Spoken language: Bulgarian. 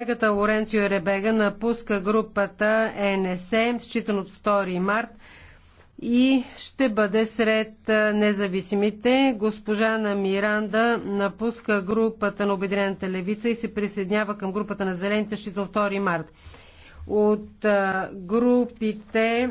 Колегата Лоренцио Ребега напуска групата ЕНС, считан от 2 март и ще бъде сред независимите. Госпожа на Миранда напуска групата на Обединената левица и се присъединява към групата на Зелените, считано 2 март. От групите